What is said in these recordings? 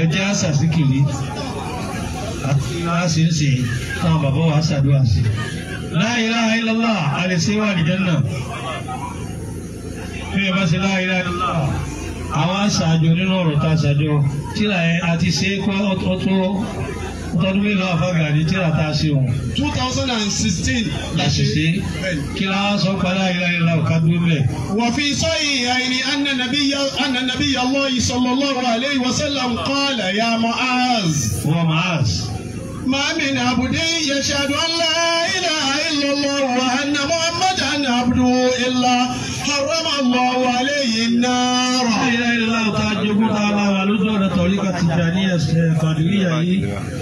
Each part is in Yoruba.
ẹjẹ àṣàṣìkiri a sì ń ṣe táwọn bàbá wa ṣàdúrà sí la ilaha illallah àlẹsíwá àlìjẹnà bí ẹ bá ṣe la ilaha illallah àwọn aṣáájú nínú ọ̀rọ̀ tá a ṣàjọ tíra ẹ àti ṣe é kó ọtún tọdún mélòó náà fọgà ní tíra tá a ṣe wọn. two thousand and sixteen la ṣe ṣe kí la sọ padà yìí láyé la ká dúró bẹ. wọ́n fi sọ yìí àìní ananabi yàlọ́ sallallahu alayhi wa sallam qala ya Mu'az. wọ́n Mu'az. ma min abudin yashadu an la ilaha illallah wa anna muhammadan abduhu illa harrama Allahu alayhi an-nar. la ilaha illallah ta jogun ta lára tọ̀ríkà tìjàníyà kàdúríyà yìí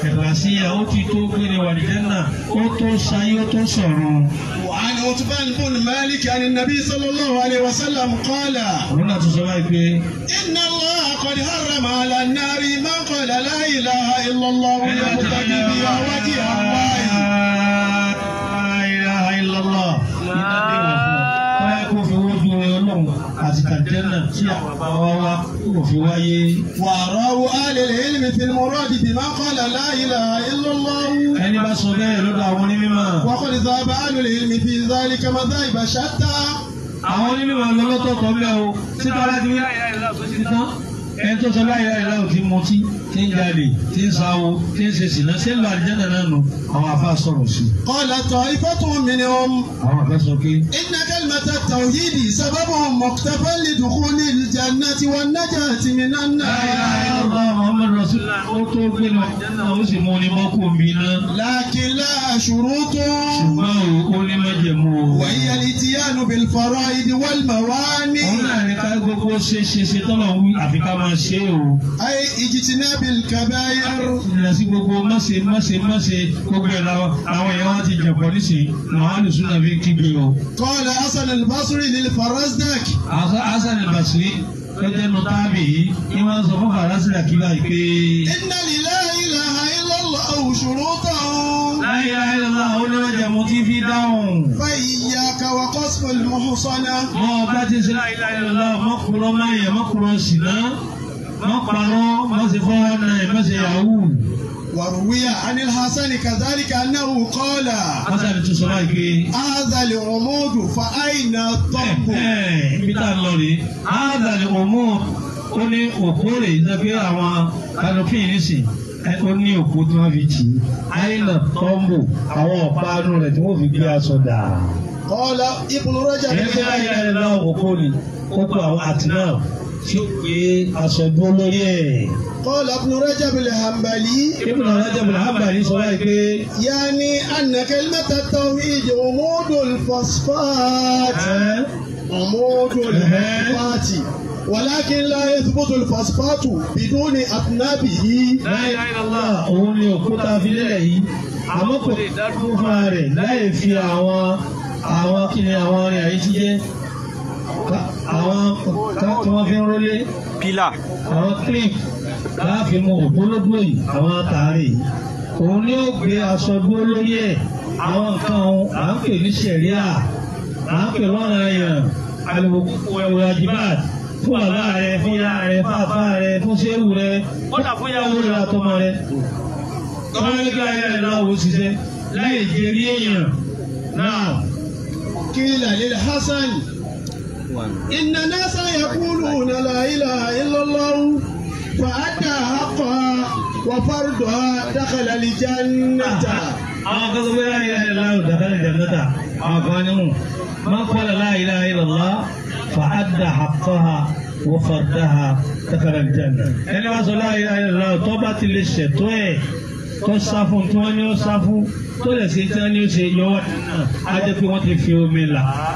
ẹ̀kàṣíyà ó ti tó gbére wà ní jẹ́nà ó tó ṣayé ó tó sọ̀rọ̀. wàhálà wọn tún bá ní bọ́ọ̀lù máàlìkì àni nàbí sallallahu alaihi wasallam qala. òun náà tún sọ báyìí pé. inna Allah qad harrama ala nari man qala la ilaha illallah wa yabtaghi biha wajha Allah. la ilaha illallah àtìkàjẹ́nà tí àwọn bàbá wa kò fi wáyé. wà á rọ́wọ́ alẹ́lẹ́ ilmi ti mú rọ́ọ̀dì tí máa kọ́ là la ilaha illallah. ẹni bá sọ bẹ́ẹ̀ lọ́dọ̀ àwọn onímọ̀. wọ́n kọ́ ni sábà alẹ́lẹ́ ilmi fi zálí kẹ́mọ́tà ìbàṣátá. àwọn onímọ̀ lọ́lọ́tọ̀ kọ́ bẹ́ẹ̀ o títà ẹni tó sọ láyé láyé láyé tí ń jalè tí ń sáwó tí ń ṣe sìnà ṣé lọ àlìjáná náà nù àwọn afá sọ̀rọ̀ sí. ọ̀là tọ̀ ifọ̀ tún mi ni ọ́n. àwọn afẹ́ sọ pé. inna kalimata tawhidi sababu mọ̀tẹ́fẹ́lì dùkú ní ìjànà tiwọn nájà àti mìíràn náà. ayé ayé ọ̀rọ̀ muhammadu rasulillah ó tó gbé lọ ó sì mú ní mọ́kù mi ná. láàkì láàṣùrù tó. ṣùgbọ́n o ó ní májẹ̀mú o. wàyà ìtì àánú bẹ̀rẹ̀ fọ̀rọ̀ ìdí wàlùmọ̀ wá ní. òun náà ní ká gbogbo ṣe ṣe ṣe tọ́lọ̀ wí àfi ká máa ṣe o. ayé ìjìtì náà bẹ̀ kàbẹ́ ayé. ìrìnà sí gbogbo máṣe máṣe máṣe gbogbo ẹ̀ làwọn èèyàn ti jẹ̀bọ̀ nísìnyí màálù tẹ́tẹ́ nu táàbì yìí ni wọ́n sọ fún farasira kílá yìí pé. ìnáni láìlà àìlọ́lọ́ òṣòro tán. láìlà àìlọ́lọ́ àwọn oníwájà mo ti fi dáhùn. fàyíyà kàwá kọ́sìkòlì mọ́ fún sọ́nà. mọ ọba ti ṣe láìlà àìlọ́lọ́ mọ́kùrọ́ máyà mọ́kùrọ́ sìnà mọ́kùrọ́ mọ́sẹ̀fọ́ náà mọ́sẹ̀ yahoo. وروي عن الحسن كذلك أنه قال هذا العمود فأين الطب eh, eh, هذا العمود ó ní òpó rè jẹ́ pé àwọn kanopin nísìn eh, ó ní òpó tí wọ́n fi tì í àìlọ tọ́ḿbù àwọn ọ̀pánu rẹ̀ tí wọ́n fi gbé aṣọ dà. kọ́lá Ibn Rajab ní ká yára lọ́wọ́ òpó ni ó kó àwọn àtìlẹ́wọ̀ tí ó gbé aṣọ dúró lórí ẹ̀. kọ́lá ibn Rajab al-Hanbali. ibn Rajab al-Hanbali sọ láì pé. yaani anna kalimata tawhid umudul fosfat. umudul fosfat. ولكن لا يثبت الفوسفات بدون أطنابه لا إله إلا الله òun ni òkúta fi yìí àmọ́ kò lè dá dúró fúnra rẹ̀ láì fi àwọn àwọn kìnìún àwọn ọ̀rẹ́ àyè ti tí wọ́n fi ń rólé. pílà. àwọn clip láàfin mu ògbólógbò yìí àwọn àtàrí yìí òun ni ó gbé aṣọ dúró lórí ẹ̀ àwọn nǹkan ọ̀hún à ń pè ní sẹ̀ríà à ń pè lọ́nà ẹ̀yàn àlùkò ẹ̀wọ̀ àjìbáàd fún àlá rẹ fún ya rẹ fún àfa rẹ fún sẹ́wù rẹ fún ìyàwó rẹ àtọmọ rẹ. kọ́míkà yẹn náà wò ṣiṣẹ́ láì jẹ́rí èèyàn náà. kí ni làlẹ́ hasan. إن الناس يقولون لا إله إلا الله فأتى حقها وفردها دخل الجنة àwọn kan sọ pé láyé láyé láyé dàkálẹ̀ jannata àwọn kan ní mu máa kọ́lá láyé láyé lọ́la fa adda haqqaha wa fardaha dàkálẹ̀ janna. ẹni wàá sọ láyé láyé lọ́la tó bá ti lè ṣètò ẹ̀ tó sáfù tí wọ́n ní ó sáfù tó lè ṣe tí wọ́n ní ó ṣe yọ wọ́n á jẹ́ pé ti fi omi là á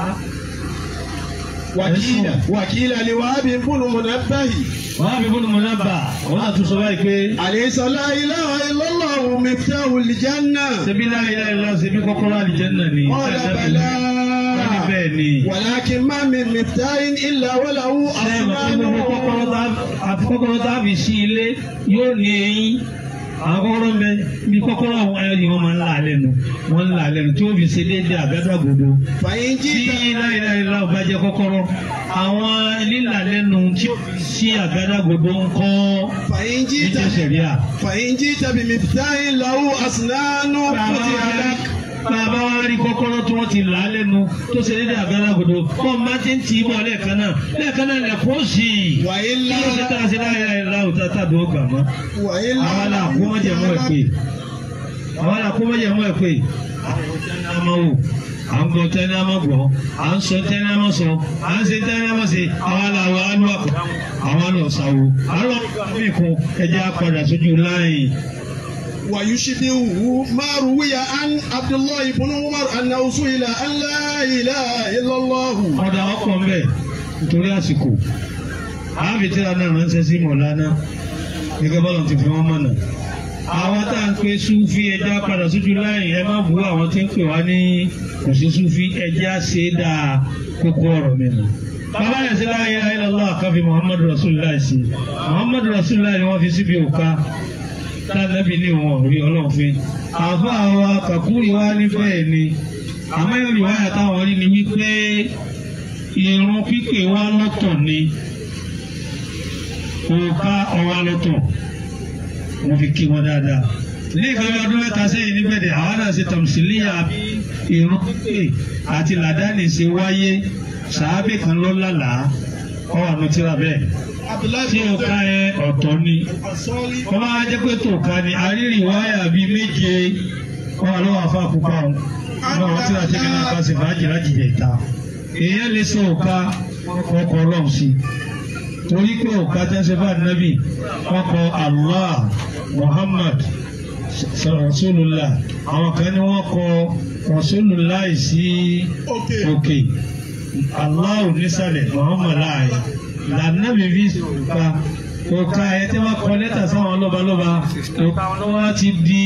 wàkìlà wàkìlà lè wàá bí fúnnu mọ̀nà báyìí. wàá bí fúnnu mọ̀nà bà wọn náà tún sọ báyìí pé. àlèsà láìlá ìlọ́lọ́ òun mi fẹ́ olùjánná. ṣebí láìlá ìlọ́ ṣebí kọ́kọ́rọ́ àlìjánná ni. ọ̀la bàlá wàlákin mi mìtáyín ilà wọlé àwọn àfúnáwó. àfikọ́kọ́rọ́ tá a fi sí ilé yóò ní eyín àwọn kọ́kọ́rọ́ mẹ bí kọ́kọ́rọ́ àwọn ayọ̀ yìí wọ́n máa ń là lẹ́nu wọ́n ń là lẹ́nu tí ó fi ṣe déédé àgádágodo. tí láìláìlá ò bá kọ́kọ́rọ́ àwọn lílà lẹ́nu tí ó fi ṣe àgádágodo ń kọ́ ìjọsẹ̀ríà. fàyínjí tàbí mìtáyín lọ́wọ́ àsìlánú kùtì àdákà bàbá wa rí kọ́kọ́rọ́ tí wọ́n ti là á lẹ́nu tó ṣe dédé àgádágodo kọ́ ọ máa ti ń tì í bọ̀ lẹ́ẹ̀kan náà lẹ́ẹ̀kan náà lẹ́kọ́ sí i. wàyé lára kí ló ṣe tá a ṣe láyé láyé láwùjọ tá a tàbí ọgbà mọ́. wàyé lára àwọn làkó mọ́jẹ̀ mọ́ ẹ̀ pé àwọn làkó mọ́jẹ̀ mọ́ ẹ̀ pé à ń gbọ́ tẹ́lẹ̀ àmọ́ gbọ́ à ń sọ tẹ́lẹ̀ àmọ́ sọ à ń ṣe tẹ́lẹ̀ àmọ́ ṣe àwọn aláwọ̀ àlùwàkọ̀ àwọn aláwọ̀ sàwọ̀ àlọ́ mi kún ẹ̀jẹ̀ apàdà sójú láàyè. ويشبه ما روي عن عبد الله بن عمر أنه سئل أن لا إله إلا الله. ọ̀dà ọkọ̀ ń bẹ̀ nítorí àsìkò àábí tíra náà ránṣẹ́ sí mọ̀lánà gẹ́gẹ́ bọ́lá ti fi wọ́n mọ̀nà. àwọn tá à ń pe súfì ẹja padà sójú láyìn ẹ má bu àwọn tí ń pè wá ní kò sí súfì ẹja ṣe é dáa kókó ọ̀rọ̀ mìíràn bàbá yẹn sí láyé ayélujára káfí muhammadu rasulillah sí muhammadu rasulillah ni wọ́n fi síbi òka tábẹ́bí ní wọn ò rí ọlọ́run fi àbá wa kàkúrì wa nífẹ̀ẹ́ ni àmọ́ ìrìn wáyà táwọn rí ni wípé irun pípé wa lọ́tọ̀ ni òòka ọwa lọ́tọ̀ wọ́n fi kí wọn dáadáa ní ìgbàgbọ́ ọdún mẹ́ta sẹ́yìn níbẹ̀dẹ̀ àwa náà ṣe tọ̀mùsílíyà irun pípé àti làdáni ṣe wáyé sàábì kan ló lálàá ọ̀hún àti tíra bẹ́ẹ̀ tí òka ẹ ọ̀tọ̀ ni wọ́n máa jẹ́ pé tòka ni àrírí wáyà bíi méje wọ́n wà lọ́wọ́ àfa àkókò àwọn ọmọ wọn tí wàá tẹ́kẹ́ náà pàṣẹ fàájì láti jẹ ìta èèyàn lè sọ òka ọkọ̀ ọlọ́run sí torí pé òka tẹ́sẹ̀ bá nábì wọ́n kọ Allah Muhammad rasulullah àwọn kan ní wọ́n kọ rasulullah sí òkè Allah nísàlẹ̀ Muhammad láàyè lànà mi fi sùn pa òkà ẹ tí wọ́n kọ lẹ́tà sáwọn lọ́balọ́ba wọ́n ti di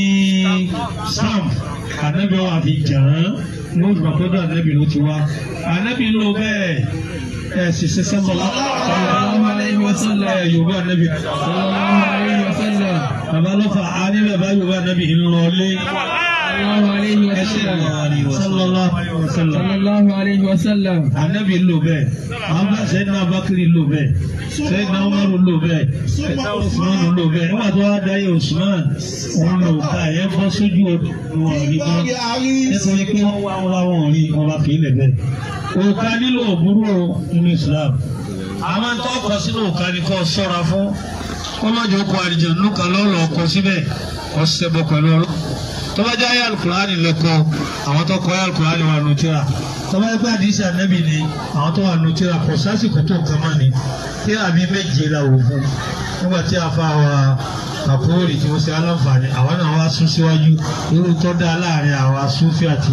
sam ànábì wà fi jàn án ní oṣù àpẹẹrẹ ànábì ló ti wá ànábì ló bẹ́ẹ̀ ẹ sì ṣe sẹ́mọ̀lá ọlọ́mọ aleyhi yorùbá ànábì ọlọ́mọ aleyhi wa sálẹ̀ bàbá sallallahu alayhi wa sallam sallallahu alayhi wa sallam anabi lò bẹ́ẹ̀ àwọn sẹ́yìn náà bakiri lò bẹ́ẹ̀ sẹ́yìn náà umaru lò bẹ́ẹ̀ sẹ́yìn náà usman lò bẹ́ẹ̀ nígbà tó wá dáyé usman òun lò ká ẹ̀ bọ́ sójú wọn rí bá nítorí pé wọ́n wá wọn wọn rí wọn bá fi ilẹ̀ bẹ́ẹ̀ òkà nílò òbúrò nínú islam àmọ́ tó kọ sínú òkà ni kò sọ́ra fún kọ́mọ́jọ́ kọ àdìjọ́ nù kan lọ́rọ̀ ọkọ síbẹ̀ ọ̀sẹ̀ bọ̀ pẹ̀lú ọlọ́run tọ́ba jẹ́ ayé alukurani lẹ́kọ́ àwọn tó kọ́ ayé alukurani wà nù tíra tọ́ba jẹ́ pé àdìsí ànábì ni àwọn tó wà nù tíra kọ́ sásìkò tó kàn mọ́ ni tíra bíi méje la wò fún nígbà tí a fa wa kàkóòrì tí wọ́n ṣe aláǹfààní àwọn náà wá sún síwájú irú tó dá láàrin àwa sufi àti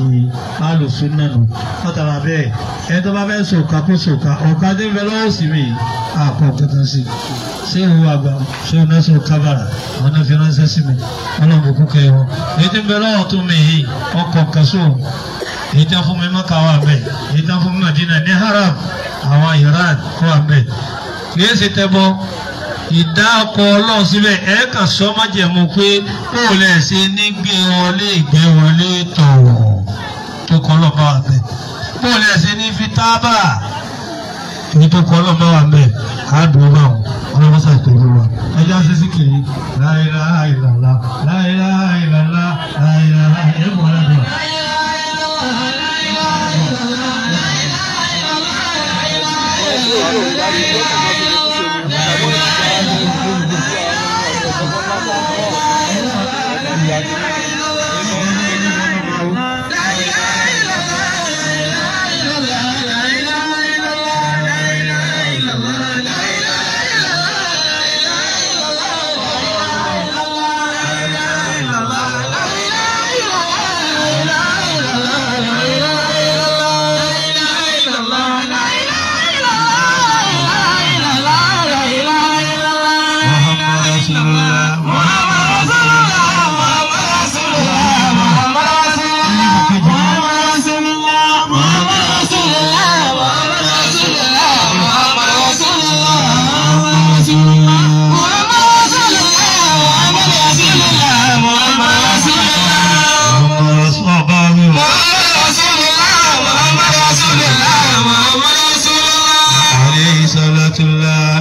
alùsùn náà nù látara bẹ́ẹ̀ ẹni tó bá fẹ́ kó sòkà ọ̀kadé ń bẹ lọ́wọ́ sí mi àpọ̀ kankan sí i se o ṣéwù nẹ́sìn kábàrà wọn náà fi ránṣẹ́ sim mi o que kẹ́ ẹ wọn. èyí tí ń bẹ lọ́wọ́ tó mi yìí ọkọ̀ kẹsùn então tí wọ́n fún mi mọ́kà wà bẹ́ẹ̀ èyí tí wọ́n fún mi Madina ní haram àwọn Iran kọ́ wà bẹ́ẹ̀. kìí ṣe tẹ́bọ ìdá ọkọ̀ ọlọ́run síbẹ̀ ẹ̀ kà sọ májẹ̀mú pé ó lẹ̀ ṣe ní gbé wọlé ìgbé wọlé tọ̀wọ̀ tó kọ́ lọ́ bá wà bẹ́ẹ̀ ó lẹ̀ ṣe Allah masa taimawa já ya se la ilaha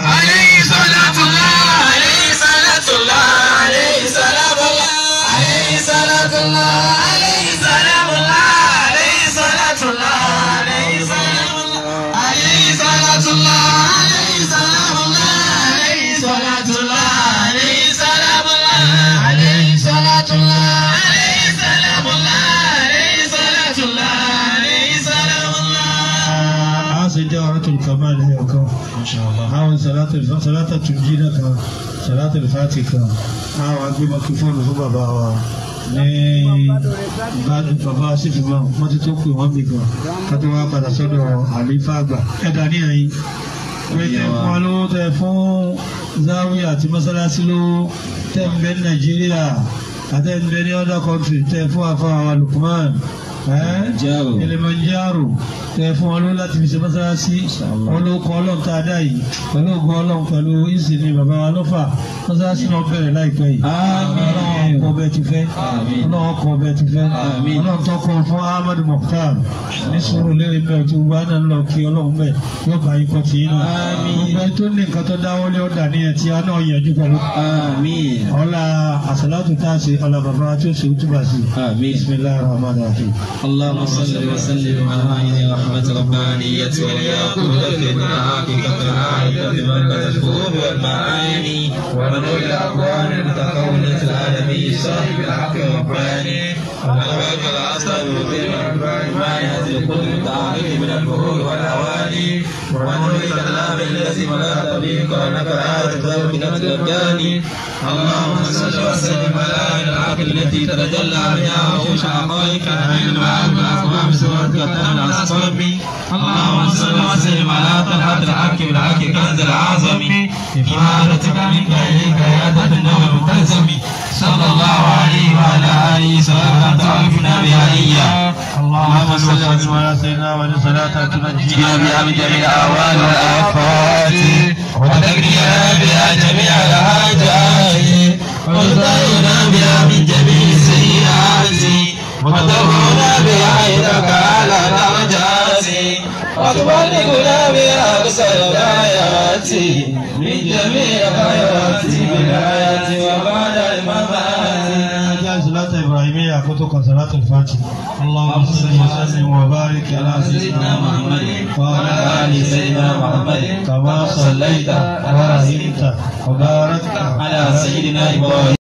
I. sai jawaratul kamal ne kan àwọn salata tunji na kan salata fati kan àwọn agbé makifon fún bàbá wa ní bàbá sífìmọ̀ wọ́n ti tó pè wọ́n mi gan ká tó wá padà sọ́dọ̀ àlífà àgbà ẹ̀dá ní ẹ̀yìn pé tẹ fún wa lówó tẹ fún záwí àti mọ́sálásí lówó tẹ̀ ń bẹ ní Nàìjíríà àtẹ̀ ń bẹ ní other country tẹ fún afọ àwọn Lukman. Kilimanjaro tẹ fún wọn ló láti fi ṣe mọ́sálásí wọn ló kọ́ ọlọ́run tá a dá yìí pẹ̀lú ògùn ọlọ́run pẹ̀lú ìsinmi bàbá wa lọ́fà mọ́sálásí náà bẹ̀rẹ̀ láìpẹ́ yìí ọlọ́run kọ́ bẹ́ẹ̀ ti fẹ́ ọlọ́run kọ́ bẹ́ẹ̀ ti fẹ́ ọlọ́run tó fún Ahmadu Mukhtar ní sùúrù lérè bẹ́ẹ̀ tó wá náà lọ kí ọlọ́run bẹ́ẹ̀ yóò bá ikọ̀ tì í nù gbogbo tó ní nǹkan tó dáwọ́lé ọ̀dà ní اللهم صل وسلم على رحمة ربانية يا قوة عائلة العائلة بمركز الفروع والمعاني ونور الأقوال المتقونة العالمي صاحب الحق الرباني ولبيك العسل يثير من معية كل تعريف من الفروع والاواني ونريد الامر الذي ولا تضيق انك لا تذهب بنفس الابدان اللهم صل وسلم على العقل التي تتجلى بها عروش عقائك عين معك واقوام سورتك تامن اصحاب اللهم صل وسلم على طلحه الحق بالحق كنز العظم امارتك منك اليك يا وعافنا بها اللهم صل وسلم على سيدنا وعلى صلاة تنجينا بها من جميع الأهوال والآفات وتقضينا بها جميع الحاجات وتطهرنا بها من جميع السيئات وترفعنا بها يدك على درجات وتبلغنا بها أقصى الغايات من جميع الخيرات في الحياة وبعد الممات يأخذك صلاة الفجر اللهم صل وسلم وبارك على سيدنا محمد وعلى آل سيدنا محمد كما صليت ورحمت وباركت على سيدنا إبراهيم